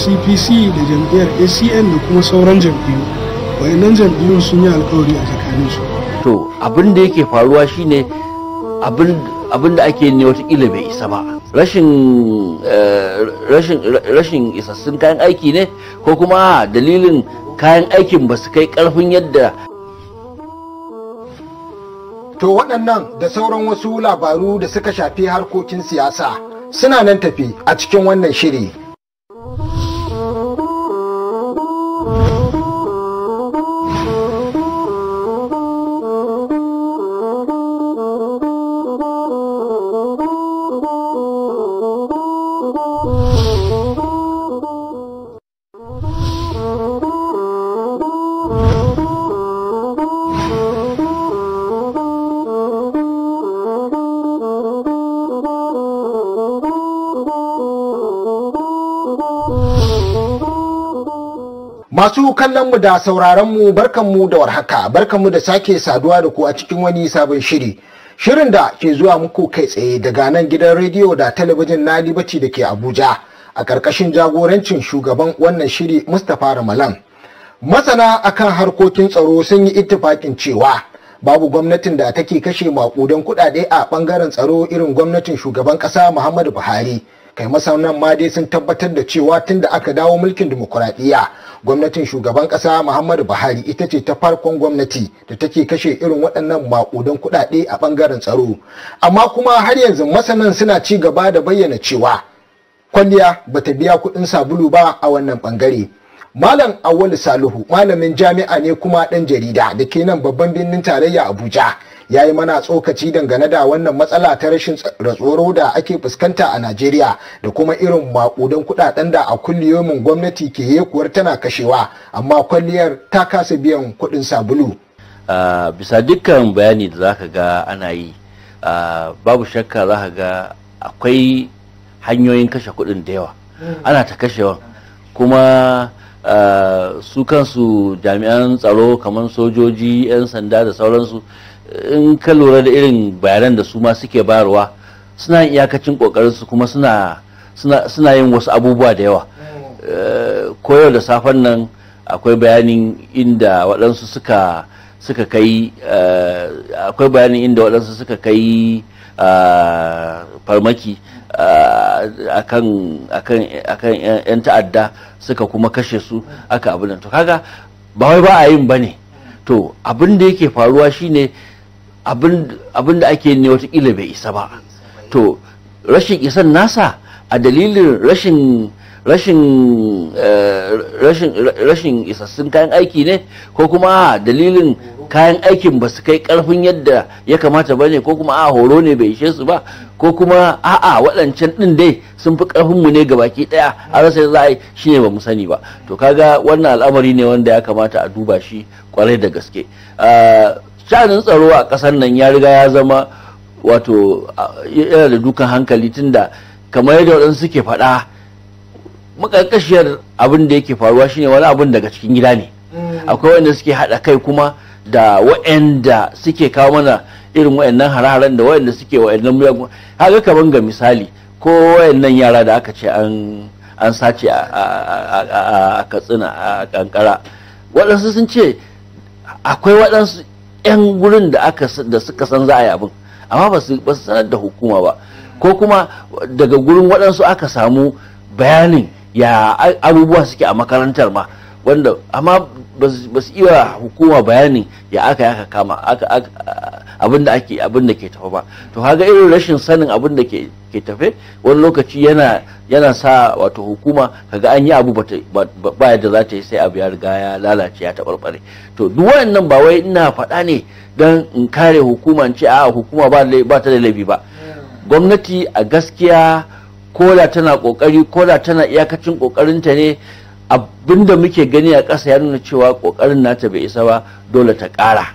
cpc da jam'iyyar acn da kuma sauran jam'iyyu wayannan jam'iyyun sun yi alkawari a tsakaninsu to abin da yake faruwa shine abin da ake ne watakila bai isa ba eh, rashin isassun kayan aiki ne ko kuma dalilin kayan aikin ba su kai karfin yadda to waɗannan da sauran wasu labaru da suka shafi harkokin siyasa suna nan tafi a cikin wannan shiri kallonmu da sauraronmu barkanmu da warhaka barkanmu da sake saduwa da ku a cikin wani sabon shiri shirin da ke zuwa muku kai tsaye daga nan gidan rediyo da talabijin na libaci da ke abuja a ƙarƙashin jagorancin shugaban wannan shiri mustapha ramalan masana akan harkokin tsaro sun yi ittifakin cewa babu gwamnatin da take kashe maƙudan kuɗaɗe a ɓangaren tsaro irin gwamnatin shugaban ƙasa muhammadu buhari kai masaunan ma dai sun tabbatar da cewa tun da aka dawo mulkin dimokuraɗiyya gwamnatin shugaban ƙasa muhammadu buhari ita ce ta farkon gwamnati da take kashe irin waɗannan maƙudan kuɗaɗe a ɓangaren tsaro amma kuma har yanzu masanan suna ci gaba da bayyana cewa kwalliya ba ta biya kuɗin sabulu ba a wannan ɓangare Malam Auwalu Salihu malamin jami'a ne kuma ɗan jarida da ke nan babban birnin tarayya Abuja ya yi mana tsokaci dangane da wannan matsala ta rashin ratsoro da ake fuskanta a najeriya da kuma irin makudan kudaden da a kulliyomin gwamnati ke yekuwar tana kashewa amma kwalliyar ta kasa biyan kuɗin sabulu Uh, bisa dukkan bayani da za ka ga ana yi uh, babu shakka za ka ga akwai hanyoyin kashe kuɗin da yawa ana ta kashewa kuma uh, su kansu jami'an tsaro kamar sojoji 'yan sanda da sauransu in ka lura da irin bayanan da su ma suke bayarwa suna yin iyakacin kokarin su kuma suna suna yin wasu abubuwa da yawa eh, koyar da safen nan akwai bayanin inda waɗansu suka suka kai eh, akwai bayanin inda waɗansu suka kai eh, farmaki akan yan ta'adda suka kuma kashe su aka abin to kaga ba wai ba a yin ba ne to abin da yake faruwa shine abin da ake ne watakila bai isa ba to rashin isan nasa a dalilin rashin eh, rashin rashin isassun kayan aiki ne ko kuma a dalilin kayan aikin ba su kai karfin yadda ya kamata ba ne ko kuma a horo ne bai ishe su ba ko kuma a'a waɗancan ɗin dai sun fi karfin mu ne ga baki ɗaya a rasa za a yi shi ne ba mu sani ba to kaga wannan al'amari ne wanda ya kamata a duba shi kwarai da gaske eh, sha'anin tsaro a ƙasar nan ya riga ya zama wato yana da dukan hankali tunda kamar yadda waɗansu suke faɗa makarkashiyar abin da yake faruwa shine wani abin daga cikin gida ne mm. akwai wanda suke haɗa kai kuma da waɗanda suke kawo mana irin waɗannan hare-haren da waɗanda suke waɗannan miyagun haka kamar ga misali ko waɗannan yara da aka ce an an sace a katsina a kankara waɗansu sun ce akwai waɗansu 'yan wurin da aka da suka san za a yi abin amma ba su sanar da hukuma ba ko kuma daga gurin waɗansu aka samu bayanin ya abubuwa suke a makarantar ma wanda amma ba su iya hukuma bayanin ya aka aka kama abin da ake abin da ke tafa ba to ga irin rashin sanin abin da ke tafe wani lokaci yana sa wato hukuma kaga an yi abu ba da za ta yi sai abu ya riga ya lalace ya taɓarɓare to duk wayannan ba wai ina faɗa ne don in kare hukuma in ce a hukuma ba ta da laifi ba gwamnati a gaskiya da tana kokari da tana iyakacin ta ne abinda muke gani a ƙasa ya nuna cewa kokarin nata bai isa ba dole ta ƙara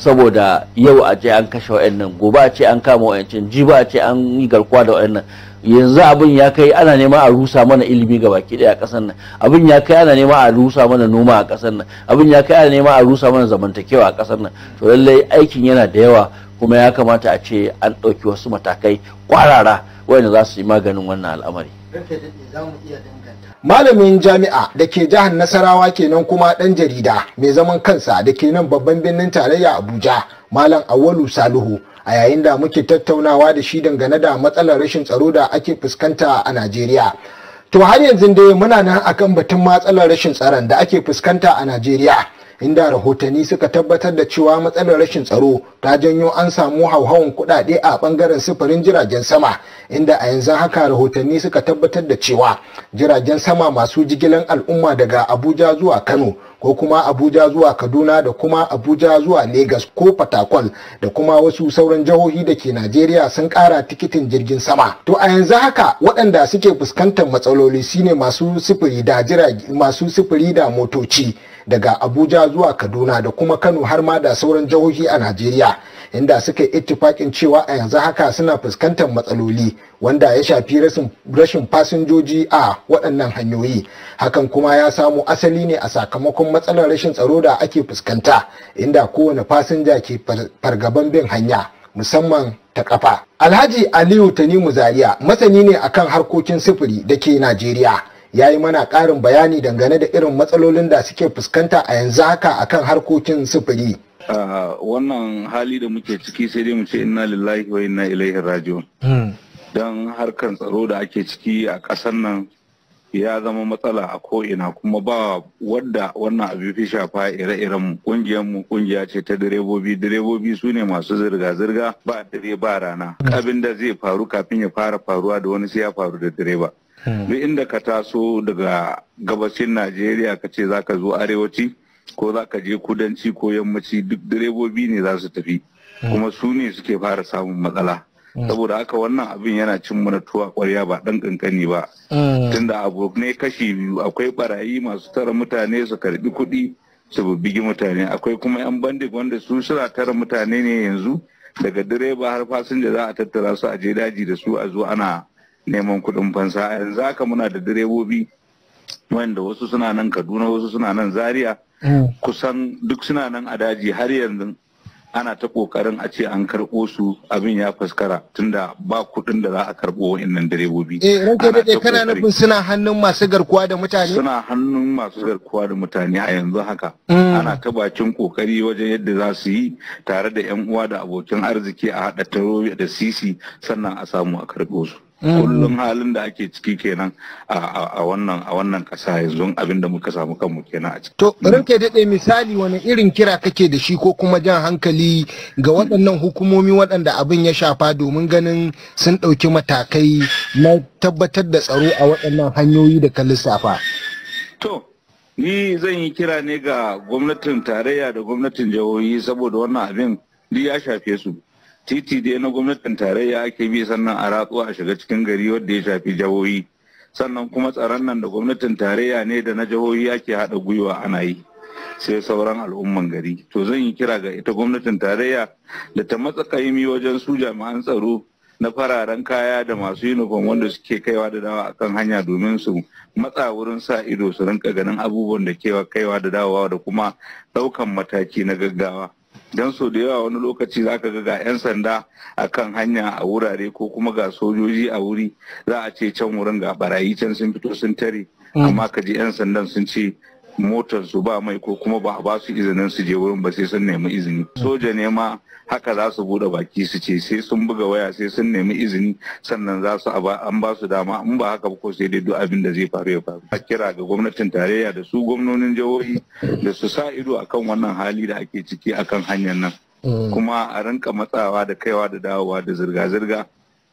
saboda yau a ce an kashe wa'annan gobe a ce an kama wa'ancan jiba a ce an yi garkuwa da wa'annan yanzu abin ya kai ana nema a rusa mana ilimi ga baki daya a kasar nan abin ya kai ana nema a rusa mana noma a kasar nan abin ya kai ana nema a rusa mana zamantakewa a kasar nan to lallai aikin yana da yawa kuma ya kamata a ce an ɗauki wasu matakai kwarara wanda za su yi maganin wannan al'amari. malamin jami'a da ke jihar nasarawa kenan kuma ɗan jarida mai zaman kansa da ke nan babban birnin tarayya abuja malam awalu saluhu a yayin da muke tattaunawa da shi dangane da matsalar rashin tsaro da ake fuskanta a najeriya to har yanzu dai muna nan akan batun matsalar rashin tsaron da ake fuskanta a najeriya inda rahotanni suka tabbatar da cewa matsalar rashin tsaro ta janyo an samu hauhawan kuɗaɗe a ɓangaren sufurin jiragen sama inda a yanzu haka rahotanni suka tabbatar da cewa jiragen sama masu jigilan al'umma daga abuja zuwa kano ko kuma abuja zuwa kaduna da kuma abuja zuwa Legas ko fatakwal da kuma wasu sauran jihohi da ke najeriya sun kara tikitin jirgin sama to a yanzu haka waɗanda suke fuskantar matsaloli shine masu sifiri da jirage masu sifiri da motoci daga abuja zuwa kaduna da kuma kano har ma da sauran jihohi a najeriya inda suka yi ittifakin cewa a yanzu haka suna fuskantar matsaloli wanda ya shafi rashin fasinjoji a waɗannan hanyoyi hakan kuma ya samu asali ne a sakamakon matsalar rashin tsaro da ake fuskanta inda kowane fasinja ke fargaban bin hanya musamman ta kafa alhaji aliyu tanimu zaria masani ne akan harkokin sufuri da ke najeriya ya yi mana ƙarin bayani dangane da irin matsalolin da suke fuskanta a yanzu haka akan harkokin sufuri Ah, wannan hali da muke ciki sai dai mu ce inna lillahi wa inna ilaihi raji'un hmm. don harkar tsaro da ake ciki a ƙasar nan ya zama matsala a ko'ina kuma ba wadda wannan abu fi shafa ire-iren kungiyar mu kungiya ce ta direbobi direbobi su ne masu zirga-zirga ba dare ba rana hmm. abin da zai faru kafin ya fara faruwa da wani sai ya faru da direba hmm. duk inda ka taso daga gabashin najeriya ka ce za ka zo arewaci ko za ka je kudanci ko yammaci duk direbobi ne za su tafi kuma su ne suke fara samun matsala mm. saboda haka wannan abin yana cin mana tuwa kwarya ba dan kankani ba mm. tunda abu ne kashi biyu akwai barayi masu tara mutane su karbi kuɗi su bibbigi mutane akwai kuma yan bandik wanda su suna tara mutane ne yanzu daga direba har fasinja za a tattara su a je daji da su a zo ana neman kuɗin fansa yanzu haka muna da direbobi wanda wasu suna nan kaduna wasu suna nan zaria hmm. kusan duk suna nan a daji har yanzu ana ta kokarin a ce an karɓo su abin ya faskara tunda ba kuɗin da za a karɓo wa'annan direbobi. Eh ranke daɗe kana nufin suna hannun masu garkuwa da mutane? Suna hannun masu garkuwa da mutane a yanzu haka. Hmm. Ana ta bakin kokari wajen yadda za su yi tare da 'yan uwa da abokin arziki a haɗa tarobi da sisi sannan a samu a karɓo su. Mm. kullum halin da ake ciki kenan a wannan a wannan ƙasa yanzu abin da muka samu kanmu kenan a ciki. To mm. ranke daɗe misali wani irin kira kake da shi ko kuma jan hankali ga waɗannan hukumomi waɗanda abin ya shafa domin ganin sun ɗauki matakai na tabbatar da tsaro a waɗannan hanyoyi da ka lissafa. To ni zan yi kira ne ga gwamnatin tarayya da gwamnatin jihohi saboda wannan abin duk ya shafe su. titi dai na gwamnatin tarayya ake bi sannan a ratsu a shiga cikin gari wadda ya shafi jihohi sannan kuma tsaron nan da gwamnatin tarayya ne da na jihohi ake haɗa gwiwa ana yi sai sauran al'umman gari to zan yi kira ga ita gwamnatin tarayya da ta matsa kaimi wajen su jami'an tsaro na fararen kaya da masu yunifom wanda suke kaiwa da dawa akan hanya domin su matsa wurin sa ido su rinka ganin abubuwan da kewa kaiwa da dawowa da kuma ɗaukan mataki na gaggawa don so da yawa wani lokaci za ka ga ga 'yan sanda a kan hanya a wurare ko kuma ga sojoji a wuri za a ce can wurin ga barayi can sun fito sun tare mm. amma ka ji 'yan sandan sun ce motar su ba mai ko kuma ba ba su izinin su je wurin ba sai sun nemi izini soja ne ma haka za su bude baki su ce sai sun buga waya sai sun nemi izini sannan za su an ba su dama in ba haka ba ko sai dai duk abin da zai faru ya faru a kira ga gwamnatin tarayya da su gwamnonin jihohi da su sa ido akan wannan hali da ake ciki akan hanyar nan mm. kuma a rinka matsawa da kaiwa da dawowa da zirga-zirga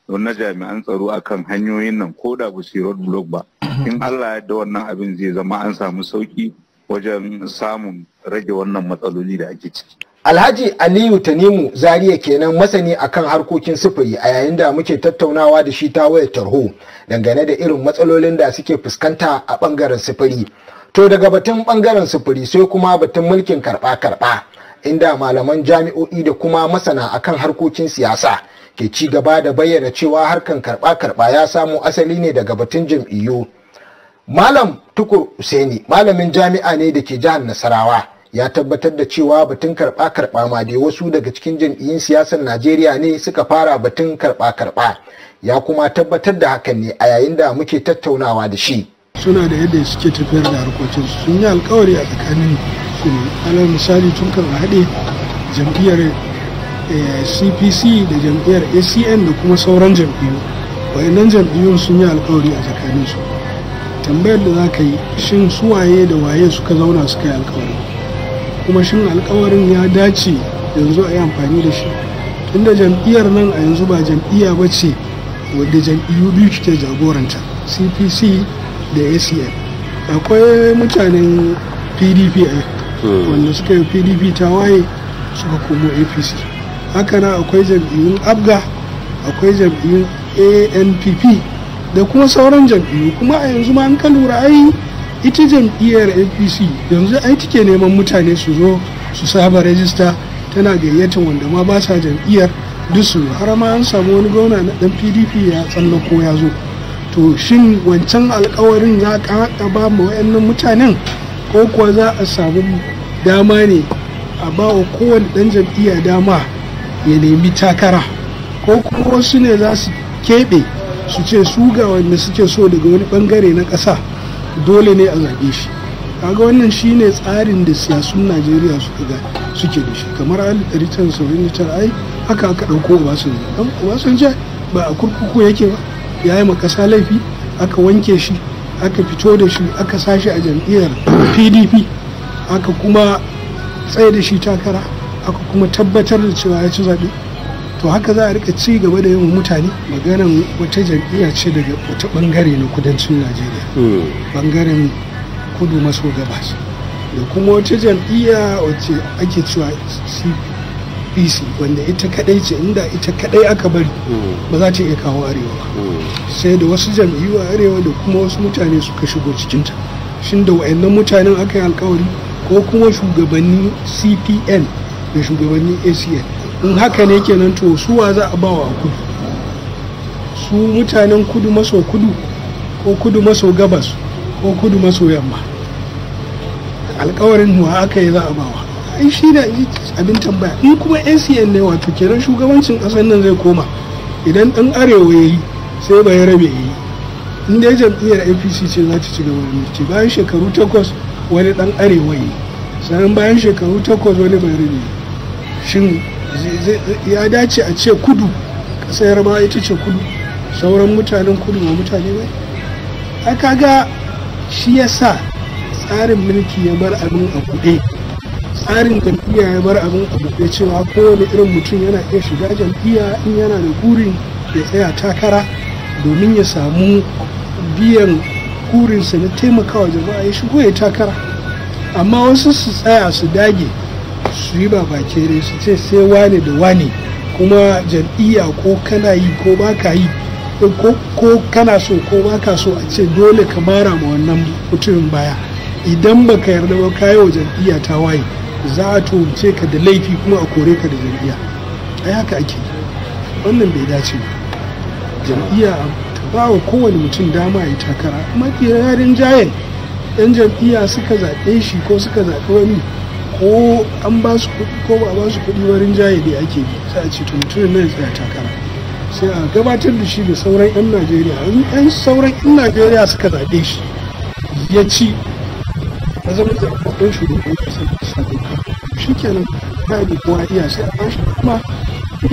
na jami'an tsaro akan hanyoyin nan ko da ba su road block ba in Allah da wannan abin zai zama an samu sauki wajen samun rage wannan matsaloli da ake ciki Alhaji Aliyu Tanimu Zariya kenan masani akan harkokin sufuri a yayin da muke tattaunawa da shi ta wayar tarho dangane da irin matsalolin da suke fuskanta a bangaren sufuri. To daga batun bangaren sufuri sai kuma batun mulkin karɓa-karɓa inda malaman jami'o'i da kuma masana akan harkokin siyasa ke ci gaba da bayyana cewa harkan karɓa-karɓa ya samu asali ne daga batun jam'iyyu malam tukur useni malamin jami'a ne da ke jihar nasarawa ya tabbatar da cewa batun karɓa karɓa ma dai wasu daga cikin jam'iyyun siyasar najeriya ne suka fara batun karɓa karɓa ya kuma tabbatar da hakan ne a yayin da muke tattaunawa da shi suna da yadda suke tafiyar da harkokin sun yi alkawari a tsakanin su alal misali tun kan haɗe jam'iyyar cpc eh, da jam'iyyar acn da kuma sauran jam'iyyu wayannan jam'iyyun sun yi alkawari a tsakanin su tambayar da za ka yi shin suwaye da waye suka zauna suka yi alkawari kuma shin alkawarin ya dace yanzu a yi amfani da shi inda jam'iyyar nan a yanzu ba jam'iyya ba ce wadda jam'iyyu biyu ke jagoranta cpc da acm akwai mutanen pdp a hmm. wanda suka yi pdp ta waye suka komo apc haka na akwai jam'iyyun abga akwai jam'iyyun anpp da kuma sauran jam'iyyu kuma a yanzu ma an ka lura ai ita jam'iyyar apc yanzu ai take neman mutane su zo su saba rajista tana gayyatar wanda ma ba sa jam'iyyar dusu har ma an samu wani gwamna na dan pdp ya ko ya zo to shin wancan alkawarin za ka ba ma wayannan mutanen ko kuwa za a samu dama ne a ba wa kowane dan jam'iyya dama ya nemi takara ko kuma wasu ne za su keɓe su ce su ga wanda suke so daga wani bangare na ƙasa dole ne a zaɓe shi kaga wannan shine tsarin da siyasun najeriya suka ga suke da shi kamar a ritan saurin da ai haka aka ɗauko obasanjo dan obasanjo ba a kurkuku yake ba ya yi makasa laifi aka wanke shi aka fito da shi aka sashi a jam'iyyar pdp aka kuma tsaye da shi takara aka kuma tabbatar da cewa ya ci zaɓe to haka za a rika ci gaba da yawan mutane maganan wata jam'iyya ce daga wata bangare na kudancin najeriya bangaren hmm. kudu maso gabas da kuma wata jam'iyya wacce ake cewa cpc wanda ita kadai ce inda ita kadai aka bari hmm. ba za ta iya kawo arewa hmm. sai da wasu jam'iyyu a arewa da kuma wasu mutane suka shigo cikinta shin da wa'annan mutanen aka yi alkawari ko kuma shugabannin cpn da shugabannin acn in haka ne kenan to suwa za a ba wa kudu su mutanen kudu maso kudu ko kudu maso gabas ko kudu maso yamma alkawarin nuwa aka yi za a bawa ai shi da abin tambaya in kuma acn e ne wato kenan shugabancin ƙasar nan zai koma idan ɗan arewa ya yi sai bai rabe ya yi in dai jam'iyyar apc ce za ta ci gaba da mulki bayan shekaru takwas wani ɗan arewa ya yi sannan bayan shekaru takwas wani bai rabe shin ya dace a ce kudu ƙasar ma ita ce kudu sauran mutanen kudu ba mutane ba a kaga shi ya sa tsarin mulki ya bar abin a kuɗe tsarin jam'iyya ya bar abin a buɗe cewa kowane irin mutum yana iya shiga jam'iyya in yana da burin ya tsaya takara domin ya samu biyan kurinsa na taimakawa jama'a ya shigo ya takara amma wasu su tsaya su dage su yi babake ne su ce sai wane da wane kuma jam'iyya ko kana yi ko ba yi ko kana so ko ba so a ce dole ka mara ma wannan mutumin baya idan ba ka yarda ba ka wa jam'iyya ta waye za a tuhumce ka da laifi kuma a kore ka da jam'iyya a haka ake wannan bai dace ba jam'iyya ta ba wa kowane mutum dama ya takara mafi yarin jayen yan jam'iyya suka zaɓe shi ko suka zaɓe wani ko an ba su kuɗi ko ba su kuɗi warin jaye dai ake bi sai a ce to mutumin nan tsaya takara sai a gabatar da shi da sauran 'yan najeriya 'yan sauran 'yan najeriya suka zaɓe shi ya ci a zama zaɓaɓɓen shugaban ƙasar ka shi kenan ba da kowa iya sai a bashi kuma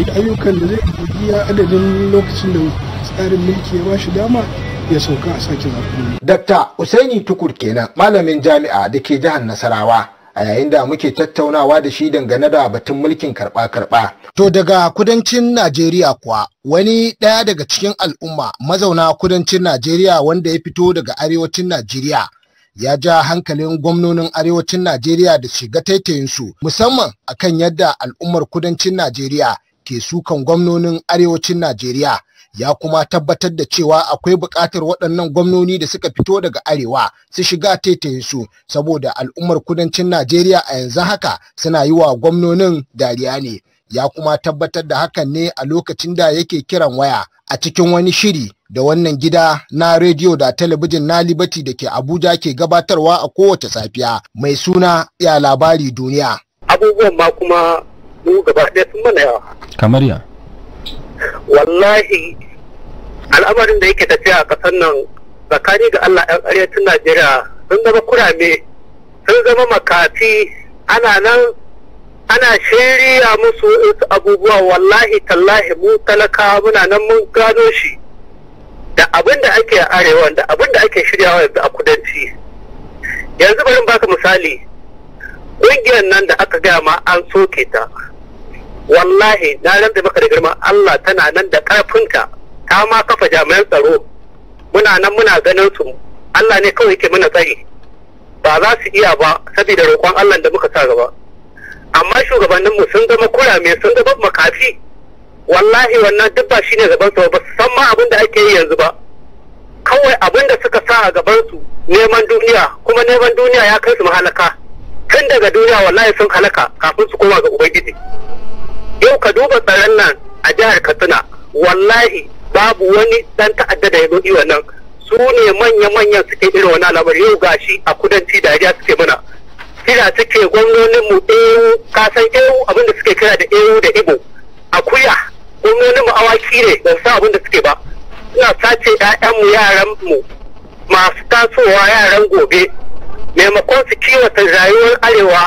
da ayyukan da zai iya adadin lokacin da tsarin mulki ya ba shi dama ya sauka a sake zaɓen. Dakta Usaini Tukur kenan malamin jami'a da ke jihar Nasarawa. a yayin da muke tattaunawa da shi dangane da batun mulkin karɓa-karɓa. To daga kudancin Najeriya kuwa wani ɗaya daga cikin al'umma mazauna kudancin Najeriya wanda ya fito daga arewacin Najeriya ya ja hankalin gwamnonin arewacin Najeriya da shiga taitayinsu musamman akan yadda al'ummar kudancin Najeriya ke sukan gwamnonin arewacin Najeriya ya kuma tabbatar da cewa akwai buƙatar waɗannan gwamnoni da suka fito daga arewa su shiga su saboda al'ummar kudancin Najeriya a yanzu haka suna yi wa gwamnonin dariya ne. Ya kuma tabbatar da hakan ne a lokacin da yake kiran waya a cikin wani shiri da wannan gida na rediyo da talabijin na Liberty da ke Abuja ke gabatarwa a kowace safiya mai suna ya labari duniya. Abubuwan ma kuma mu gaba ɗaya sun mana yawa. kamar ya wallahi al'amarin da yake tafiya a ƙasar nan tsakani ga Allah 'yan arewacin Najeriya sun zama kurame sun zama makafi ana nan ana shirya musu wasu abubuwa wallahi tallahi mu talaka muna nan mun gano shi da abin da ake a arewa da abin da ake shiryawa yanzu a kudanci yanzu bari baka misali ƙungiyar nan da aka gaya ma an soke ta wallahi na ranta maka da girma. Allah tana nan da ƙarfinta ta ma kafa jami'an tsaro muna nan muna ganin su Allah ne kawai yake muna tsayi ba za su iya ba saboda roƙon Allah da muka sa gaba amma shugabanninmu sun zama kurame sun zama makafi wallahi wannan duk ba shine gaban su ba san ma abin da ake yi yanzu ba kawai abin da suka sa a gaban su neman duniya kuma neman duniya ya kai su mahalaka tun daga duniya wallahi sun halaka kafin su koma ga ubangiji yau ka duba tsaron nan a jihar katsina wallahi babu wani dan ta'adda da ya zo iwa nan su ne manya-manyan suke irin wani alamar yau gashi a kudanci dariya suke mana kira suke gwamnonin mu ewu kasan ewu abinda suke kira da ewu da ibo akuya gwamnonin mu awaki ne ban san abinda suke ba suna sace 'ya'yanmu yaran mu masu tasowa yaran gobe maimakon su kiwata rayuwar arewa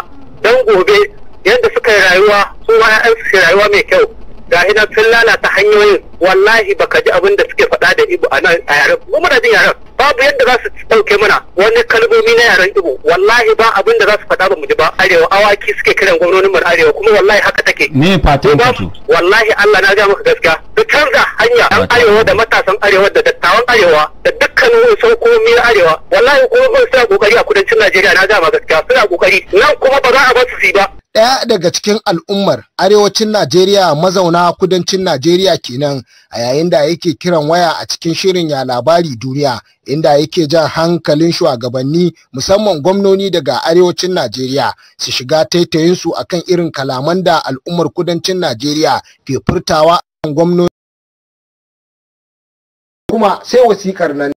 don gobe yadda suka yi rayuwa su ma ya su rayuwa mai kyau ga ina sun lalata hanyoyin wallahi baka ji abin da suke faɗa da ibo a nan a yaren mu muna jin yaren babu yadda za su ɗauke mana wani kalmomi na yaren ibo wallahi ba abin da za su faɗa ba mu ji ba arewa awaki suke kiran gwamnonin mu arewa kuma wallahi haka take me fatan ku wallahi Allah na ga maka gaskiya da canza hanya an arewa da matasan arewa da dattawan arewa da dukkanin saukomi na arewa wallahi hukumomin suna kokari a kudancin Najeriya na ga maka gaskiya suna kokari nan kuma ba za a ba su ba ɗaya daga cikin al'ummar arewacin Najeriya mazauna kudancin Najeriya kenan a yayin da yake kiran waya a cikin shirin ya labari duniya inda yake jan hankalin shugabanni musamman gwamnoni daga arewacin Najeriya su shiga taitayinsu akan irin kalaman da al'ummar kudancin Najeriya ke furtawa a gwamnoni. Kuma sai wasikar nan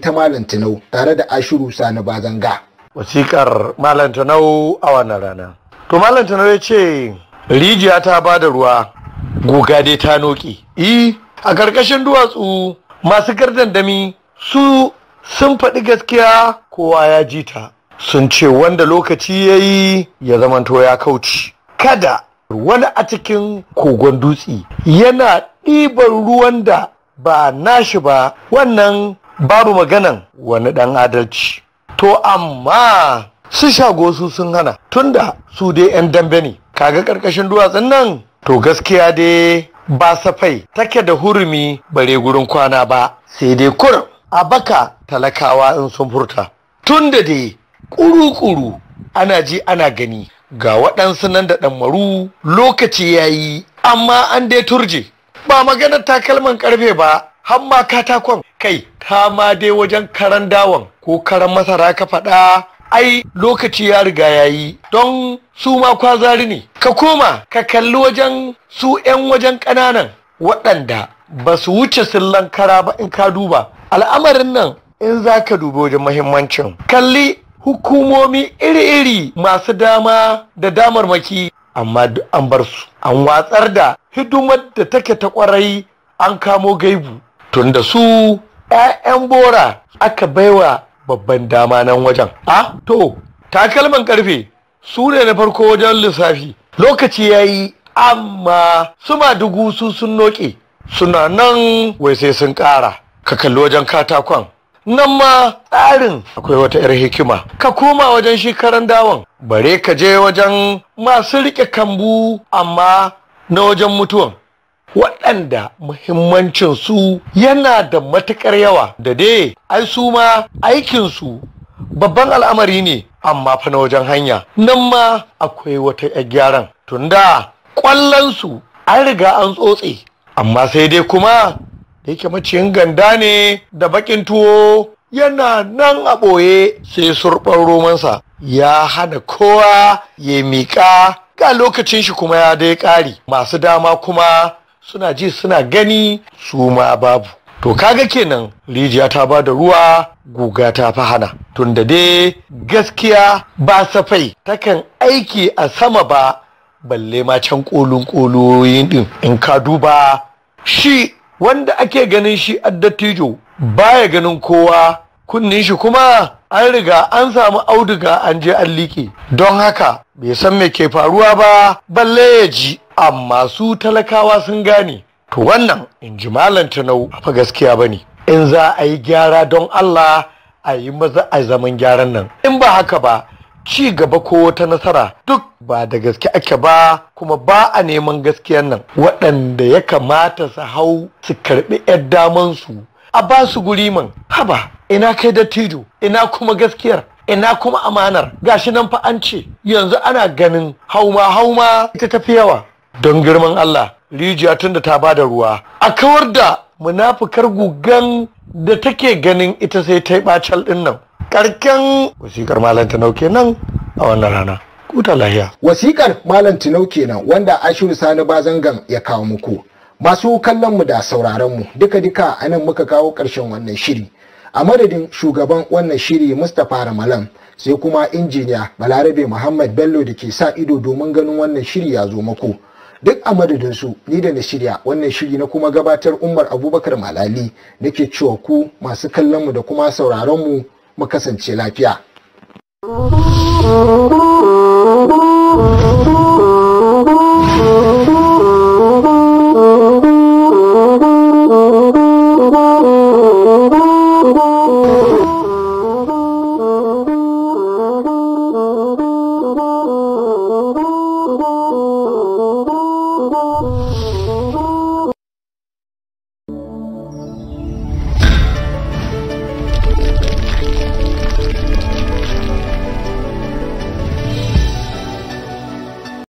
ta Malam Tinau tare da Ashiru Sani Bazanga. Wasikar Malam Tinau a wannan rana. to malam tanar ya ce rijiya ta ba da ruwa guga dai ta noki E, a karkashin duwatsu masu gardandami su sun faɗi gaskiya kowa ya ji ta sun ce wanda lokaci ya yi ya zamanto ya kauci kada wani a cikin kogon dutse yana ɗiban ruwan da ba nashi ba wannan babu maganan wani ɗan adalci to amma su shago su sun hana tunda su dai 'yan dambe ne kaga karkashin duwatsun nan to gaskiya dai ba safai take da hurumi bare gurin kwana ba sai dai kur a baka talakawa in sun furta tunda dai kuru-kuru ana ji ana gani ga waɗansu nan da ɗan maru lokaci ya yi amma an dai turje ba maganar takalman karfe ba Hamma katakon kai ta ma dai wajen karan dawon ko karan masara ka faɗa ai lokaci ya riga ya yi don su ma kwazari ne ka koma ka kalli wajen su 'yan wajen ƙananan waɗanda ba su wuce sillan kara ba in ka duba al'amarin nan in za ka dubi wajen mahimmancin kalli hukumomi iri-iri masu dama da damarmaki amma an bar su an watsar da hidimar da take ta kwarai an kamo gaibu tunda su 'ya'yan bora aka baiwa babban dama nan wajen a to takalman ƙarfe su ne na farko wajen lissafi lokaci ya yi amma suma dugu su sun noke suna nan wai sai sun ƙara ka kalli wajen katakon nan ma tsarin akwai wata 'yar hikima ka koma wajen shekaran dawan. dawon bare ka je wajen masu riƙe kambu amma na wajen mutuwan waɗanda muhimmancin su yana da matuƙar yawa da dai ai su ma aikinsu babban al'amari ne amma fa na wajen hanya nan ma akwai wata 'yar gyaran tunda ƙwallonsu an riga an tsotse amma sai dai kuma da yake maciyin ganda ne da bakin tuwo yana nan a ɓoye sai surɓar romansa ya hana kowa ya miƙa ga lokacin shi kuma ya dai ƙari masu dama kuma suna ji suna gani su ma babu to kaga kenan rijiya ta ba da ruwa guga ta fi hana tunda dai gaskiya ba safai takan aiki a sama ba balle ma can kolon koloyin din in ka duba shi wanda ake ganin shi addattijo baya ganin kowa kunnin shi kuma an riga an samu auduga an je an liƙe don haka bai san me ke faruwa ba balle ya ji amma su talakawa sun gane to wannan in ji malam tanau fa gaskiya bane in za a yi gyara don Allah a yi maza a zaman gyaran nan in ba haka ba ci gaba ko wata nasara duk ba da gaske ake ba kuma ba a neman gaskiyar nan waɗanda ya kamata su hau su karɓi 'yar damansu a ba su guri man haba ina kai dattijo ina kuma gaskiyar ina kuma amanar gashi nan fa an ce yanzu ana ganin hauma hauma ita tafi yawa don girman Allah rijiya tun da ta ba da ruwa a kawar da munafukar gugan da take ganin ita sai ta yi bacal din nan karken wasikar malam tanau kenan a wannan rana kuta lahiya wasikar malam tinau kenan wanda ashiru sani bazangan ya kawo muku masu kallon mu da sauraron mu duka duka anan muka kawo karshen wannan shiri a madadin shugaban wannan shiri mustapha ramalan sai kuma injiniya balarabe muhammad bello da ke sa ido domin ganin wannan shiri ya zo muku duk a madadin su ni da na shirya wannan shiri na kuma gabatar umar abubakar malali nake cewa ku masu kallon mu da kuma sauraron mu mu kasance lafiya